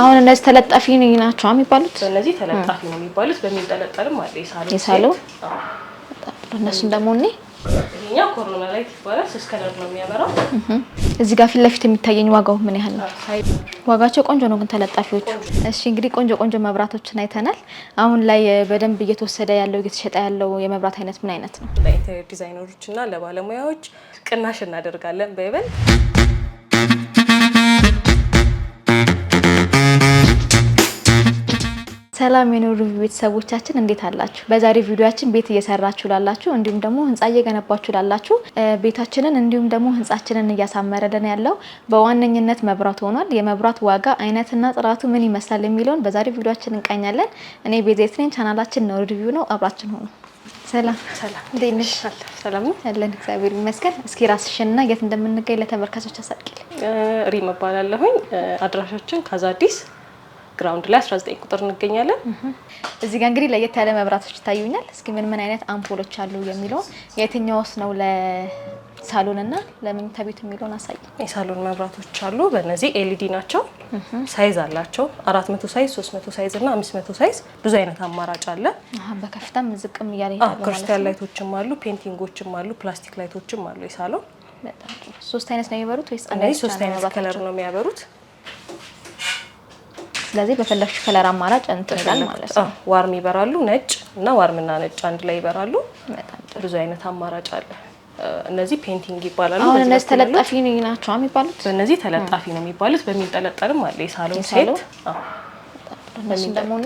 አሁን እነዚህ ተለጣፊ ናቸው የሚባሉት። እነዚህ ተለጣፊ ነው የሚባሉት። በሚንጠለጠልም አለ ይሳሉ። እነሱ ደግሞ እኔ ይሄኛው ኮሮና ላይት ይባላል። ሶስት ከለር ነው የሚያበራው። እዚህ ጋር ፊት ለፊት የሚታየኝ ዋጋው ምን ያህል ነው? ዋጋቸው ቆንጆ ነው ግን ተለጣፊዎቹ። እሺ እንግዲህ ቆንጆ ቆንጆ መብራቶችን አይተናል። አሁን ላይ በደንብ እየተወሰደ ያለው እየተሸጠ ያለው የመብራት አይነት ምን አይነት ነው? ለኢንተሪየር ዲዛይነሮች እና ለባለሙያዎች ቅናሽ እናደርጋለን በይበል ሰላም የኖሩ ቤተሰቦቻችን እንዴት አላችሁ? በዛሬ ቪዲዮችን ቤት እየሰራችሁ ላላችሁ እንዲሁም ደግሞ ህንፃ እየገነባችሁ ላላችሁ ቤታችንን እንዲሁም ደግሞ ህንፃችንን እያሳመረልን ያለው በዋነኝነት መብራት ሆኗል። የመብራት ዋጋ አይነትና ጥራቱ ምን ይመስላል የሚለውን በዛሬ ቪዲዮችን እንቃኛለን። እኔ ቤዜት ነኝ። ቻናላችን ነው ሪቪው ነው። አብራችን ሆኑ። ሰላም ሰላም፣ እንዴት እግዚአብሔር ይመስገን። እስኪ ራስሽና የት እንደምንገኝ ለተመልካቾች አሳቂል። ሪም እባላለሁኝ። አድራሻችን ካዛዲስ ግራውንድ ላይ 19 ቁጥር እንገኛለን። እዚህ ጋር እንግዲህ ለየት ያለ መብራቶች ይታዩኛል። እስኪ ምን ምን አይነት አምፖሎች አሉ የሚለውን የትኛውስ ነው ለሳሎን እና ለመኝታ ቤት የሚለውን አሳይ። የሳሎን መብራቶች አሉ። በእነዚህ ኤልዲ ናቸው። ሳይዝ አላቸው። 400 ሳይዝ፣ 300 ሳይዝ እና 500 ሳይዝ ብዙ አይነት አማራጭ አለ። በከፍታም ዝቅም እያለ ክርስቲያን ላይቶችም አሉ፣ ፔንቲንጎችም አሉ፣ ፕላስቲክ ላይቶችም አሉ። የሳሎን ሶስት አይነት ነው የሚበሩት ወይስ ሶስት አይነት ከለር ነው የሚያበሩት? ስለዚህ በፈለግሽ ከለር አማራጭ እንትን ይላል ማለት ነው። ዋርም ይበራሉ፣ ነጭ እና ዋርም እና ነጭ አንድ ላይ ይበራሉ። ብዙ አይነት አማራጭ አለ። እነዚህ ፔንቲንግ ይባላሉ። አሁን እነዚህ ተለጣፊ ናቸው የሚባሉት። እነዚህ ተለጣፊ ነው የሚባሉት። በሚንጠለጠልም አለ የሳሎን ሴት ደግሞ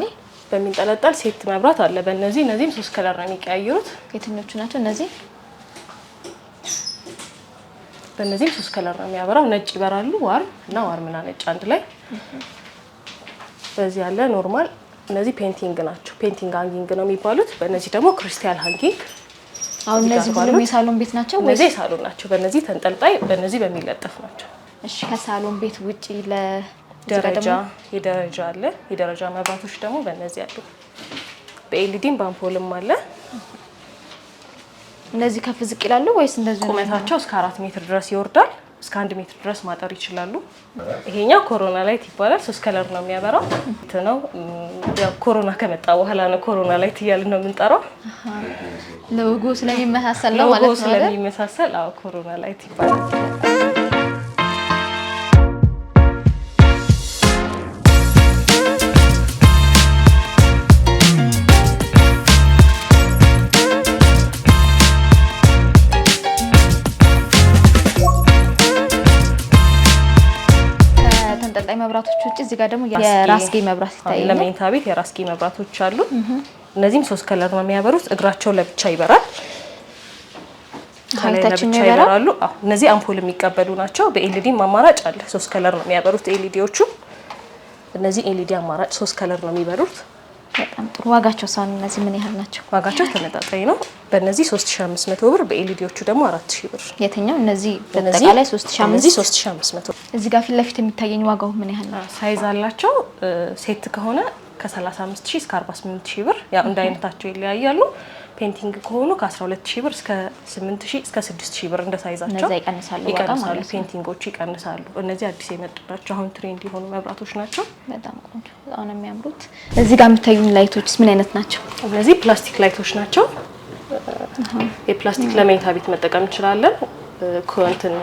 በሚንጠለጠል ሴት መብራት አለ። በእነዚህ እነዚህም ሶስት ከለር ነው የሚቀያየሩት። የትኞቹ ናቸው እነዚህ? በእነዚህም ሶስት ከለር ነው የሚያበራው። ነጭ ይበራሉ፣ ዋርም እና ዋርምና ነጭ አንድ ላይ በዚህ ያለ ኖርማል። እነዚህ ፔንቲንግ ናቸው፣ ፔንቲንግ ሃንጊንግ ነው የሚባሉት። በእነዚህ ደግሞ ክሪስታል ሃንጊንግ። አሁን እነዚህ ሁሉም የሳሎን ቤት ናቸው። እነዚህ የሳሎን ናቸው። በእነዚህ ተንጠልጣይ፣ በእነዚህ በሚለጠፍ ናቸው። እሺ፣ ከሳሎን ቤት ውጪ ለደረጃ የደረጃ አለ። የደረጃ መብራቶች ደግሞ በእነዚህ አሉ። በኤልዲም በአምፖልም አለ። እነዚህ ከፍ ዝቅ ይላሉ ወይስ እንደዚህ? ቁመታቸው እስከ አራት ሜትር ድረስ ይወርዳል። እስከ አንድ ሜትር ድረስ ማጠር ይችላሉ። ይሄኛው ኮሮና ላይት ይባላል። ሶስት ከለር ነው የሚያበራው ነው። ኮሮና ከመጣ በኋላ ነው ኮሮና ላይት እያልን ነው የምንጠራው። ለውጉ ስለሚመሳሰል ነው ማለት ነው። ስለሚመሳሰል ኮሮና ላይት ይባላል። መብራቶች ውጭ እዚህ ጋር ደግሞ የራስጌ መብራት ይታያል። ለመኝታ ቤት የራስጌ መብራቶች አሉ። እነዚህም ሶስት ከለር ነው የሚያበሩት። እግራቸው ለብቻ ይበራል፣ ለብቻ ይበራሉ። እነዚህ አምፖል የሚቀበሉ ናቸው። በኤልዲም አማራጭ አለ። ሶስት ከለር ነው የሚያበሩት ኤልዲዎቹ። እነዚህ ኤልዲ አማራጭ ሶስት ከለር ነው የሚበሩት። በጣም ጥሩ ዋጋቸው ሳን እነዚህ ምን ያህል ናቸው? ዋጋቸው ተመጣጣኝ ነው። በእነዚህ 3500 ብር፣ በኤልዲዎቹ ደግሞ 4000 ብር። የትኛው እነዚህ በጠቃላይ 3500 ብር። እዚህ ጋር ፊት ለፊት የሚታየኝ ዋጋው ምን ያህል ነው? ሳይዝ አላቸው ሴት ከሆነ ከ35000 እስከ 48000 ብር ያው እንደ አይነታቸው ይለያያሉ። ፔንቲንግ ከሆኑ ከ12000 ብር እስከ 8000 እስከ 6000 ብር እንደሳይዛቸው ይቀንሳሉ፣ ይቀንሳሉ፣ ፔንቲንጎቹ ይቀንሳሉ። እነዚህ አዲስ የመጡ ናቸው። አሁን ትሬንድ የሆኑ መብራቶች ናቸው። በጣም ቆንጆ፣ በጣም ነው የሚያምሩት። እዚህ ጋር የምታዩን ላይቶች ምን አይነት ናቸው? እነዚህ ፕላስቲክ ላይቶች ናቸው። የፕላስቲክ ለመኝታ ቤት መጠቀም እንችላለን። እንትን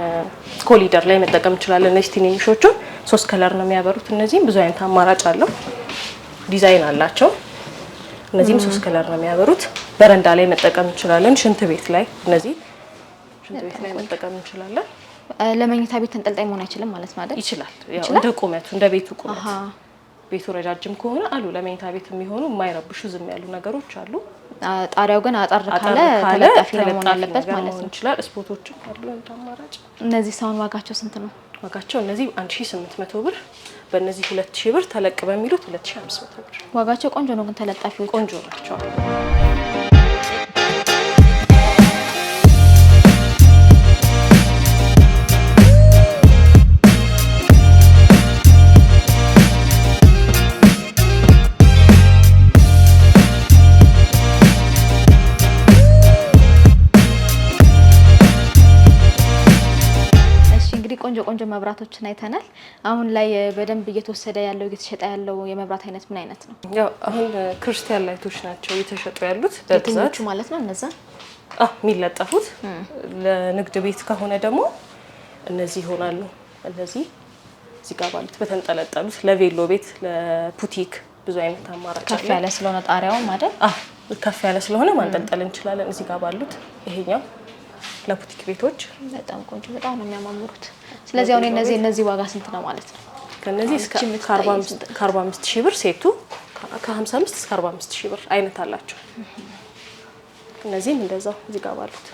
ኮሊደር ላይ መጠቀም እንችላለን። እነዚህ ትንንሾቹን ሶስት ከለር ነው የሚያበሩት። እነዚህም ብዙ አይነት አማራጭ አለው፣ ዲዛይን አላቸው። እነዚህም ሶስት ከለር ነው የሚያበሩት። በረንዳ ላይ መጠቀም እንችላለን። ሽንት ቤት ላይ እነዚህ ሽንት ቤት ላይ መጠቀም እንችላለን። ለመኝታ ቤት ተንጠልጣይ መሆን አይችልም ማለት ነው አይደል? ይችላል። ያው እንደ ቁመቱ እንደ ቤቱ ቁመት ቤቱ ረጃጅም ከሆነ አሉ ለመኝታ ቤት የሚሆኑ የማይረብሹ ዝም ያሉ ነገሮች አሉ። ጣሪያው ግን አጠር ካለ ተለጣፊ ለመሆን አለበት ማለት ነው። ይችላል። ስፖቶችም አሉ እንደ አማራጭ። እነዚህ ሳሁን ዋጋቸው ስንት ነው? ዋጋቸው እነዚህ 1800 ብር በእነዚህ ሁለት ሺህ ብር ተለቅ በሚሉት ሁለት አምስት መቶ ብር ዋጋቸው ቆንጆ ነው። ግን ተለጣፊዎች ቆንጆ ናቸው። ቆንጆ ቆንጆ መብራቶችን አይተናል። አሁን ላይ በደንብ እየተወሰደ ያለው እየተሸጠ ያለው የመብራት አይነት ምን አይነት ነው? ያው አሁን ክርስቲያን ላይቶች ናቸው እየተሸጡ ያሉት በብዛት ማለት ነው። እነዛ የሚለጠፉት ለንግድ ቤት ከሆነ ደግሞ እነዚህ ይሆናሉ። እነዚህ እዚህ ጋር ባሉት በተንጠለጠሉት ለቬሎ ቤት ለፑቲክ ብዙ አይነት አማራጭ ከፍ ያለ ስለሆነ ጣሪያው ማለት ከፍ ያለ ስለሆነ ማንጠልጠል እንችላለን። እዚህ ጋር ባሉት ይሄኛው ለቡቲክ ቤቶች በጣም ቆንጆ፣ በጣም ነው የሚያማምሩት። ስለዚህ አሁን እነዚህ እነዚህ ዋጋ ስንት ነው ማለት ነው? ከነዚህ እስከ 45 ሺህ ብር ሴቱ፣ ከ55 እስከ 45 ሺህ ብር አይነት አላቸው። እነዚህም እንደዛው እዚህ ጋር ባሉት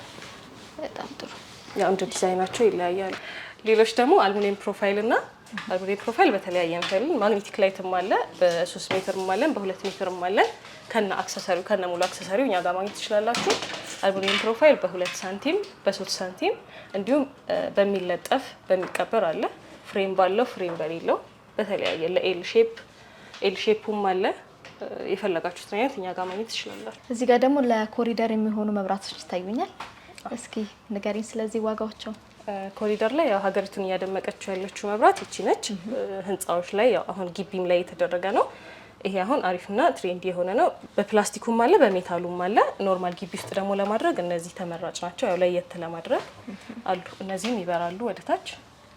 በጣም ጥሩ ያው እንደ ዲዛይናቸው ይለያያሉ። ሌሎች ደግሞ አልሙኒየም ፕሮፋይል እና አልሙኒየም ፕሮፋይል በተለያየ እንፈልግ ማግኔቲክ ላይትም አለ፣ በሶስት ሜትርም አለን፣ በሁለት ሜትርም አለን። ከነ አክሰሰሪው ከነ ሙሉ አክሰሰሪው እኛ ጋር ማግኘት ትችላላችሁ። አልቡሚን ፕሮፋይል በሁለት ሳንቲም በሶስት ሳንቲም እንዲሁም በሚለጠፍ በሚቀበር አለ ፍሬም ባለው ፍሬም በሌለው በተለያየ ለኤል ሼፕ ኤል ሼፑም አለ። የፈለጋችሁት አይነት እኛ ጋር ማግኘት ይችላላል። እዚህ ጋር ደግሞ ለኮሪደር የሚሆኑ መብራቶች ይታዩኛል። እስኪ ንገሪኝ ስለዚህ ዋጋዎቸው። ኮሪደር ላይ ያው ሀገሪቱን እያደመቀችው ያለችው መብራት ይቺ ነች። ህንፃዎች ላይ ያው አሁን ግቢም ላይ የተደረገ ነው ይሄ አሁን አሪፍና ትሬንድ የሆነ ነው። በፕላስቲኩም አለ በሜታሉም አለ። ኖርማል ግቢ ውስጥ ደግሞ ለማድረግ እነዚህ ተመራጭ ናቸው። ያው ለየት ለማድረግ አሉ። እነዚህም ይበራሉ፣ ወደታች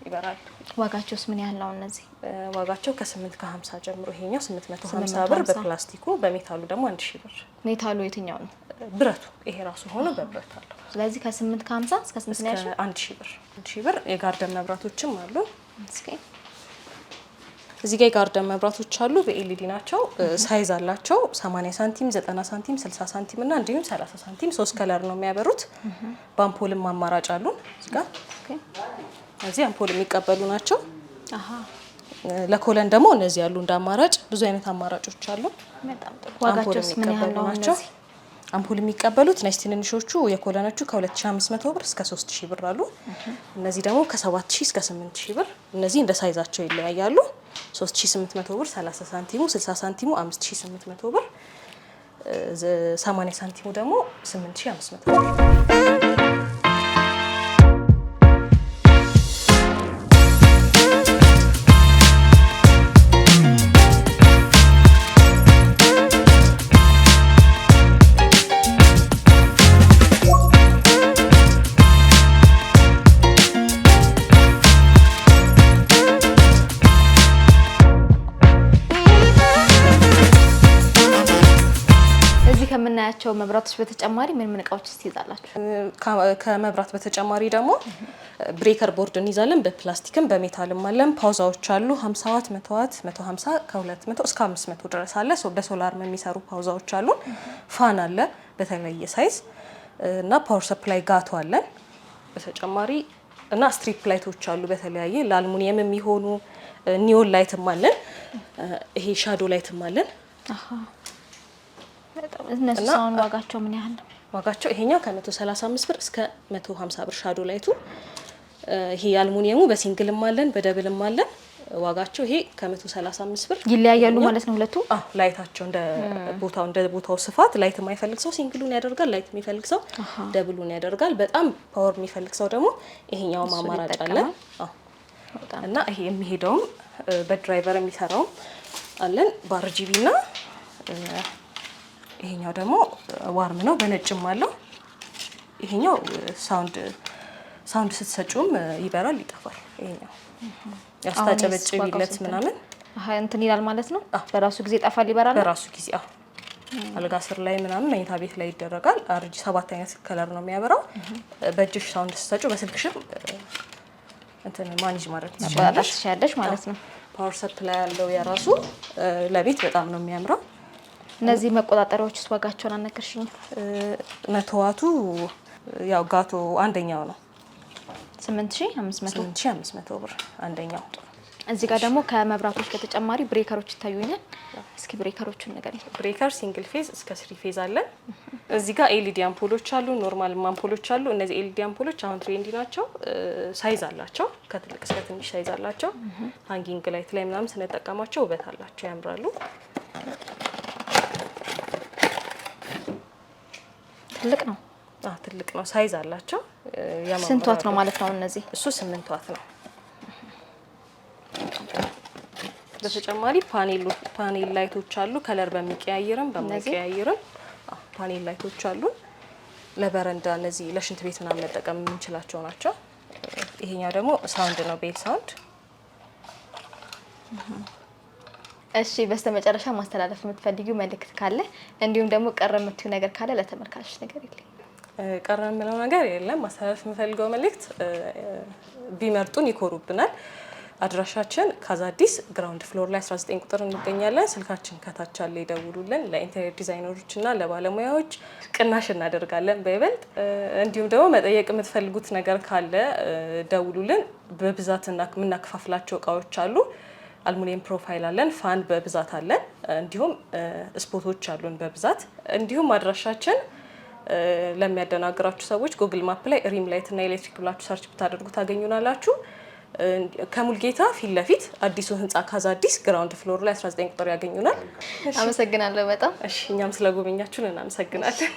ይበራሉ። ዋጋቸውስ ምን ያህል ነው? እነዚህ ዋጋቸው ከስምንት ከሀምሳ ጀምሮ ይሄኛው ስምንት መቶ ሀምሳ ብር በፕላስቲኩ፣ በሜታሉ ደግሞ አንድ ሺህ ብር። ሜታሉ የትኛው ነው? ብረቱ ይሄ ራሱ ሆኖ በብረት አለው። ስለዚህ ከስምንት ከሀምሳ እስከ ስምንት አንድ ሺህ ብር። አንድ ብር የጋርደን መብራቶችም አሉ። እዚህ ጋር የጋርደን መብራቶች አሉ። በኤልኢዲ ናቸው። ሳይዝ አላቸው 80 ሳንቲም፣ 90 ሳንቲም፣ 60 ሳንቲም እና እንዲሁም 30 ሳንቲም ሶስት ከለር ነው የሚያበሩት። በአምፖልም አማራጭ አሉ። እዚህ ጋር እዚህ አምፖል የሚቀበሉ ናቸው። ለኮለን ደግሞ እነዚህ ያሉ እንደ አማራጭ ብዙ አይነት አማራጮች አሉ። አምፖል የሚቀበሉ ናቸው። አምፖል የሚቀበሉት እነዚህ ትንንሾቹ የኮለኖቹ ከ2500 ብር እስከ 3000 ብር አሉ። እነዚህ ደግሞ ከ7000 እስከ 8000 ብር። እነዚህ እንደ ሳይዛቸው ይለያያሉ። 3800 ብር 30 ሳንቲሙ፣ 60 ሳንቲሙ 5800 ብር፣ 80 ሳንቲሙ ደግሞ 8500 ብር ከመብራቶች በተጨማሪ ምን ምን እቃዎች ትይዛላችሁ? ከመብራት በተጨማሪ ደግሞ ብሬከር ቦርድ እንይዛለን። በፕላስቲክም በሜታልም አለን። ፓውዛዎች አሉ 50 ዋት፣ 100 ዋት፣ 150 ከ200 እስከ 500 ድረስ አለ። በሶላር የሚሰሩ ፓውዛዎች አሉን። ፋን አለ በተለየ ሳይዝ እና ፓወር ሰፕላይ ጋቶ አለን። በተጨማሪ እና ስትሪፕ ላይቶች አሉ በተለያየ ለአልሙኒየም የሚሆኑ ኒዮን ላይትም አለን። ይሄ ሻዶ ላይትም አለን። እነሱ ዋጋቸው ምን ያህል ነው? ዋጋቸው ይሄኛው ከ135 ብር እስከ 150 ብር ሻዶ ላይቱ። ይሄ የአልሙኒየሙ በሲንግልም አለን በደብልም አለን። ዋጋቸው ይሄ ከ135 ብር ይለያያሉ ማለት ነው ሁለቱ። አዎ ላይታቸው እንደ ቦታው እንደ ቦታው ስፋት ላይት የማይፈልግ ሰው ሲንግሉን ያደርጋል፣ ላይት የሚፈልግ ሰው ደብሉን ያደርጋል። በጣም ፓወር የሚፈልግ ሰው ደግሞ ይሄኛውም አማራጭ አለን። እና ይሄ የሚሄደውም በድራይቨር የሚሰራውም አለን ባርጂቢና ይሄኛው ደግሞ ዋርም ነው፣ በነጭም አለው። ይሄኛው ሳውንድ ሳውንድ ስትሰጪውም ይበራል፣ ይጠፋል። ይሄኛው ያስታጨበጭቢለት ምናምን እንትን ይላል ማለት ነው። በራሱ ጊዜ ይጠፋል፣ ይበራል በራሱ ጊዜ። አዎ አልጋ ስር ላይ ምናምን መኝታ ቤት ላይ ይደረጋል። አርጂ ሰባት አይነት ከለር ነው የሚያበራው። በእጅሽ ሳውንድ ስትሰጪው በስልክሽም እንትን ማኔጅ ማድረግ ትችላለሽ ማለት ነው። ፓወር ሰፕላይ ያለው የራሱ ለቤት በጣም ነው የሚያምረው። እነዚህ መቆጣጠሪያዎች ውስጥ ዋጋቸውን አነገርሽኝ። መቶዋቱ ያው ጋቶ አንደኛው ነው 8500 ብር አንደኛው። እዚህ ጋር ደግሞ ከመብራቶች በተጨማሪ ብሬከሮች ይታዩኛል። እስኪ ብሬከሮቹን ንገሪኝ። ብሬከር ሲንግል ፌዝ እስከ ስሪ ፌዝ አለን። እዚህ ጋር ኤልኢዲ አምፖሎች አሉ፣ ኖርማል አምፖሎች አሉ። እነዚህ ኤልኢዲ አምፖሎች አሁን ትሬንዲ ናቸው። ሳይዝ አላቸው፣ ከትልቅ እስከ ትንሽ ሳይዝ አላቸው። ሃንጊንግ ላይት ላይ ምናምን ስንጠቀማቸው ውበት አላቸው፣ ያምራሉ። ትልቅ ነው። ትልቅ ነው። ሳይዝ አላቸው። ስንት ዋት ነው ማለት ነው? እነዚህ እሱ ስምንት ዋት ነው። በተጨማሪ ፓኔል ላይቶች አሉ። ከለር በሚቀያየርም በማይቀያየርም ፓኔል ላይቶች አሉ። ለበረንዳ እነዚህ ለሽንት ቤት ምናምን መጠቀም የምንችላቸው ናቸው። ይሄኛው ደግሞ ሳውንድ ነው፣ ቤል ሳውንድ እሺ በስተመጨረሻ ማስተላለፍ የምትፈልጊው መልእክት ካለ እንዲሁም ደግሞ ቀረ የምትዩ ነገር ካለ ለተመልካቾች ነገር የለም? ቀረ የምለው ነገር የለም። ማስተላለፍ የምፈልገው መልእክት ቢመርጡን ይኮሩብናል። አድራሻችን ካዛ አዲስ ግራውንድ ፍሎር ላይ 19 ቁጥር እንገኛለን። ስልካችን ከታች አለ፣ ይደውሉልን። ለኢንቴሪየር ዲዛይነሮች እና ለባለሙያዎች ቅናሽ እናደርጋለን በይበልጥ። እንዲሁም ደግሞ መጠየቅ የምትፈልጉት ነገር ካለ ደውሉልን። በብዛት የምናከፋፍላቸው እቃዎች አሉ። አልሙኒየም ፕሮፋይል አለን፣ ፋን በብዛት አለን፣ እንዲሁም ስፖቶች አሉን በብዛት እንዲሁም አድራሻችን ለሚያደናግራችሁ ሰዎች ጉግል ማፕ ላይ ሪም ላይት እና ኤሌክትሪክ ብላችሁ ሰርች ብታደርጉ ታገኙናላችሁ። ከሙልጌታ ፊት ለፊት አዲሱ ህንፃ ካዛ አዲስ ግራውንድ ፍሎር ላይ 19 ቁጥር ያገኙናል። አመሰግናለሁ በጣም እሺ። እኛም ስለጎበኛችሁን እናመሰግናለን።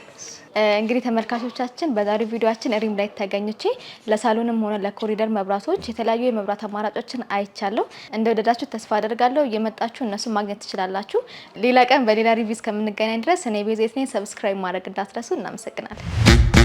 እንግዲህ ተመልካቾቻችን በዛሬው ቪዲዮአችን ሪም ላይት ተገኝቼ ለሳሎንም ሆነ ለኮሪደር መብራቶች የተለያዩ የመብራት አማራጮችን አይቻለሁ። እንደወደዳችሁ ተስፋ አደርጋለሁ። እየመጣችሁ እነሱን ማግኘት ትችላላችሁ። ሌላ ቀን በሌላ ሪቪው እስከምንገናኝ ድረስ እኔ ቤዜት ነኝ። ሰብስክራይብ ማድረግ እንዳትረሱ። እናመሰግናለን።